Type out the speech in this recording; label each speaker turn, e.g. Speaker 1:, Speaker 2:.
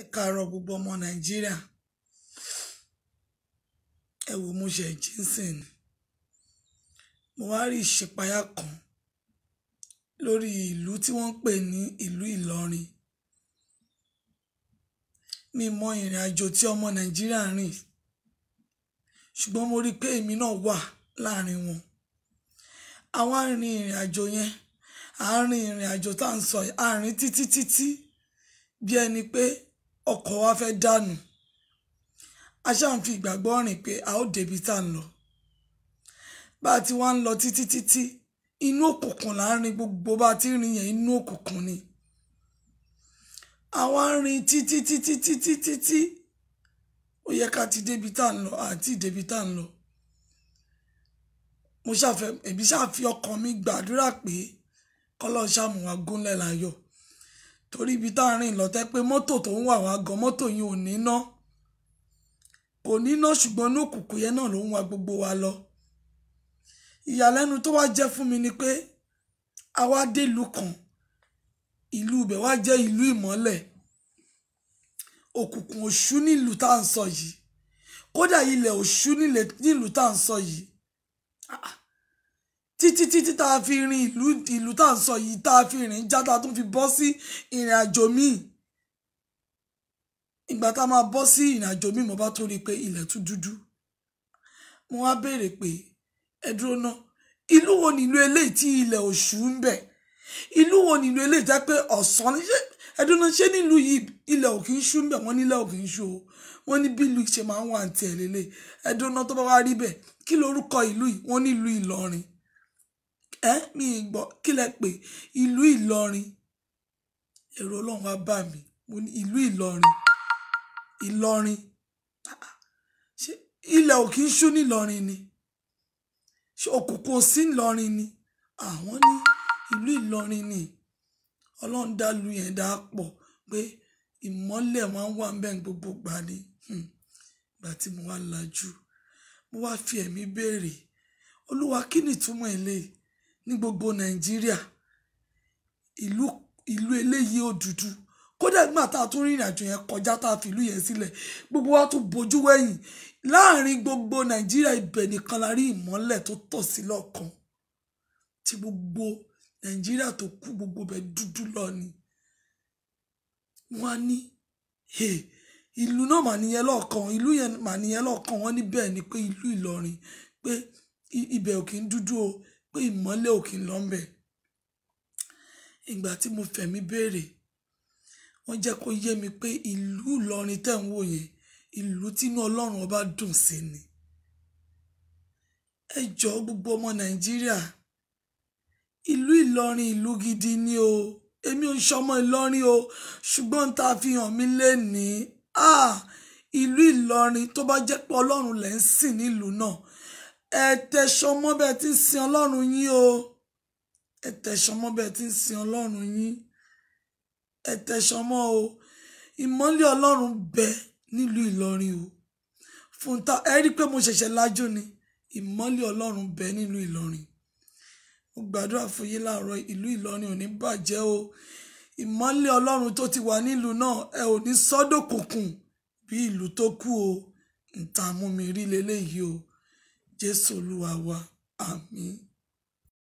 Speaker 1: ẹ káàárọ̀ gbogbo ọmọ nàìjíríà ẹ wò mo ṣe jínsìn mo wá rí ìṣípayá kan lórí ìlú tí wọ́n ń pè ní ìlú ìlọrin mi mọ ìrìn àjò tí ọmọ nàìjíríà rìn ṣùgbọ́n mo rí i pé èmi náà wà láàrin wọn àwa ń rin ìrìn àjò yẹn à ìrìn àjò tá à ń sọ yìí à títí títí bí ẹni pé ọkọ̀ wa fẹ́ dànù a ṣáà ń fi ìgbàgbọ́ rìn pé a ó débi tá à ń lọ bá a ti wá ń lọ títí títí inú òkùnkùn là ń rin gbogbo bá a ti rìn yẹn inú òkùnkùn ni àwa ń rin títí títí títí títí ó yẹ ká ti débi tá à ń lọ àti débi tá à ń lọ mo ṣàfẹ́ èmi ṣàfi ọkàn mi gbàdúrà pé kọ́lọ́ ṣàmùwà gúnlẹ̀ láyọ̀ torí ibi tá a rìn lọ́tẹ́ pé mọ́tò tó ń wà wá gan mọ́tò yìí ò ní ná kò ní ná ṣùgbọ́n ní òkùnkùn yẹn náà ló ń wa gbogbo wa lọ ìyàlẹ́nu tó wá jẹ́ fún mi ni pé a wá dé ìlú kan ìlú ibẹ̀ wá jẹ́ ìlú ìmọ́lẹ̀ òkùnkùn òṣú nílùú tá à ń sọ yìí kódà ilẹ̀ òṣú nílùú tá à ń sọ yìí ah, ah títí títí tá a fi rin ìlú ìlú tá à ń sọ yìí tá a fi rìn já tá a tún fi bọ́ sí ìrìn àjò míì ìgbà tá a máa bọ́ sí ìrìn àjò míì mo bá tó rí i pé ilẹ̀ tún dúdú mo wá béèrè pé ẹ dúró ná ìlú wo nílùú eléyìí tí ilẹ̀ òṣù ń bẹ ìlú wo nílùú eléyìí jẹ́ pé ọ̀sán ẹ dúró ná ṣé nílùú yìí ilẹ̀ ò kì í ṣú ń bẹ wọ́n nílẹ̀ ò kì í ṣú o wọ́n ní bí ìlú ṣe máa ń wà ní tiẹ̀ lélẹ̀ ẹ dúró ná tó bá wá rí bẹ́ẹ̀ kí lorúkọ ìlú yìí wọ́n nílùú Ìlọrin ẹ mi gbọ́ kí lẹ pé ìlú Ìlọrin èrò Ọlọ́run á bá mi mo ní ìlú Ìlọrin Ìlọrin ah, ṣé ilẹ̀ ò kí ń ṣú nílọrin ni ṣé òkùnkùn sí ńlọrin ni àwọn ní ìlú Ìlọrin ni Ọlọ́run dá lu yẹn dá pọ̀ pé ìmọ́lẹ̀ máa ń wà ń bẹ̀ gbogbo gbà ni hmm. ìgbà tí mo wá lajú mo wá fi ẹ̀mí béèrè olúwa kí ni ìtumọ̀ eléyìí ní gbogbo nàìjíríà ìlú ìlú eléyìí ó dúdú kódà nígbà tá a tún rìnrìn àjò yẹn kọjá tá a fìlú yẹn sílẹ̀ gbogbo wa tún bojú wẹ̀yìn láàrin gbogbo nàìjíríà ibẹ̀ nìkan la rí ìmọ́lẹ̀ tó tọ̀ sí lọ́kàn tí gbogbo nàìjíríà tó kú gbogbo bẹ̀ dúdú lọ ni wọ́n ní ìlú náà mà nìyẹn lọ́ọ̀kan ìlú yẹn mà nìyẹn lọ́ọ̀kan wọ́n ní bẹ́ẹ̀ ni pé ìlú ìlọrin pé ibẹ̀ ò kí ń dúdú o pé ìmọ́lẹ̀ ò kí ń lọ ńbẹ̀ ìgbà tí mo fẹ̀mí béèrè wọ́n jẹ́ kó yé mi pé ìlú Ìlọrin tẹ̀ ń wò yẹn ìlú tínú Ọlọ́run ọba dùn sí ni ẹ jọ gbogbo ọmọ Nàìjíríà ìlú Ìlọrin ìlú gidi ni o èmi ò ṣọmọ Ìlọrin o ṣùgbọ́n tá a fi hàn mí lénìí ah, ìlú Ìlọrin tó bá jẹ́ pé Ọlọ́run lẹ́ ń sìn nílùú náà ẹ tẹ̀sán mọ́ bẹ́ẹ̀ tí ń sin ọlọ́run yín o ẹ tẹ̀sán mọ́ bẹ́ẹ̀ tí ń sin ọlọ́run yín ẹ tẹ̀sán mọ́ o ìmọ́lẹ̀ ọlọ́run bẹ nílùú ìlọrin o fún ta ẹ rí i pé mo ṣẹ̀ṣẹ̀ lájú ni ìmọ́lẹ̀ ọlọ́run bẹ nílùú ìlọrin mo gbàdúrà fún yín láàárọ̀ ìlú ìlọrin ò ní bàjẹ́ o ìmọ́lẹ̀ ọlọ́run tó ti wà nílùú náà ẹ ò ní sọ́dọ̀ kùnkùn bí ìlú tó kù o ntàmúmi rí leléyìí o jésù olúwa wa àmín.